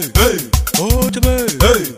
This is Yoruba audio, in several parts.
Hey, hey, oh, to hey.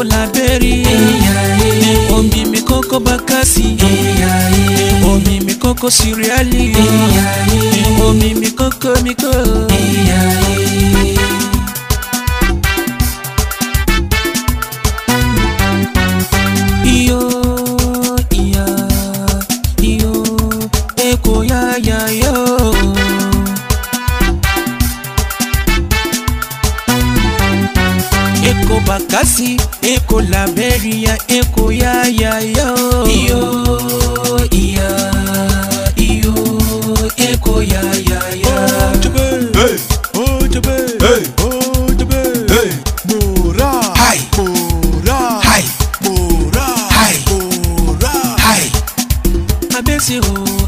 kolaberi omi mi koko bakasi omi mi koko siriali omi mi mi mi miko. ekobakasi ekolaberia ekoyayaya yo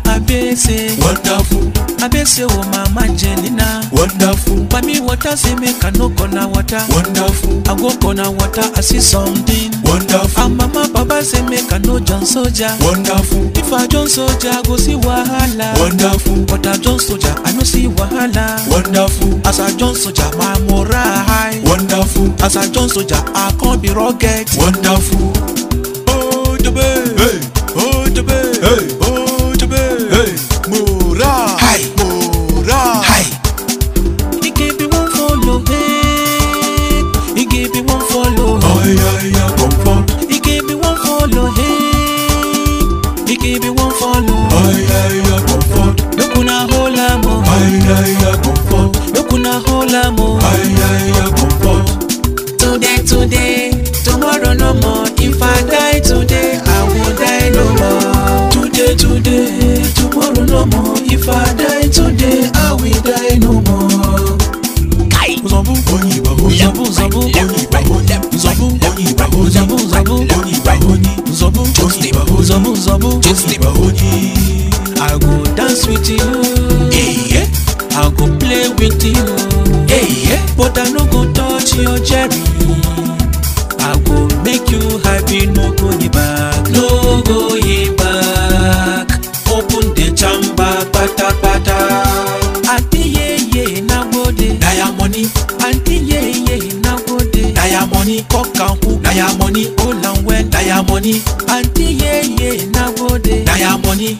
abese. Wonderful. Abese wo mama Jelina. Wonderful. For me water say make I no gonna water. Wonderful. I go gonna water I see something. Wonderful. And ah, mama baba say make I no John soldier. Wonderful. If I John soldier go see wahala. Wonderful. But I John soldier I no see wahala. Wonderful. As I John soldier my moral high. Wonderful. As I John soldier I can't be rugged. Wonderful. Aya comfort. Make una hold am o. comfort. Today today, tomorrow no more. If I die today, I will die no more. Today today, tomorrow no more. If I die. marry i go make you happy no going back no going back open the chamber patapata ye ye, na gode daya money ye ye, na gode daya money kọkànkú daya money olanwẹ daya money ye ye, na gode daya money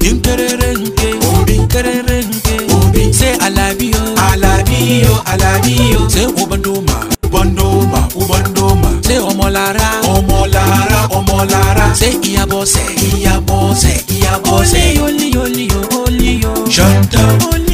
nkerere nke obi nkerere nke obi ṣe alabi o alabi o alabi o ṣe obi. ọmọlára ọmọlára. ṣé ìyá bọ́sẹ̀ ìyá bọ́sẹ̀ ìyá bọ́sẹ̀. olè olè olè olè o. ṣọ́ńtọ́. olè.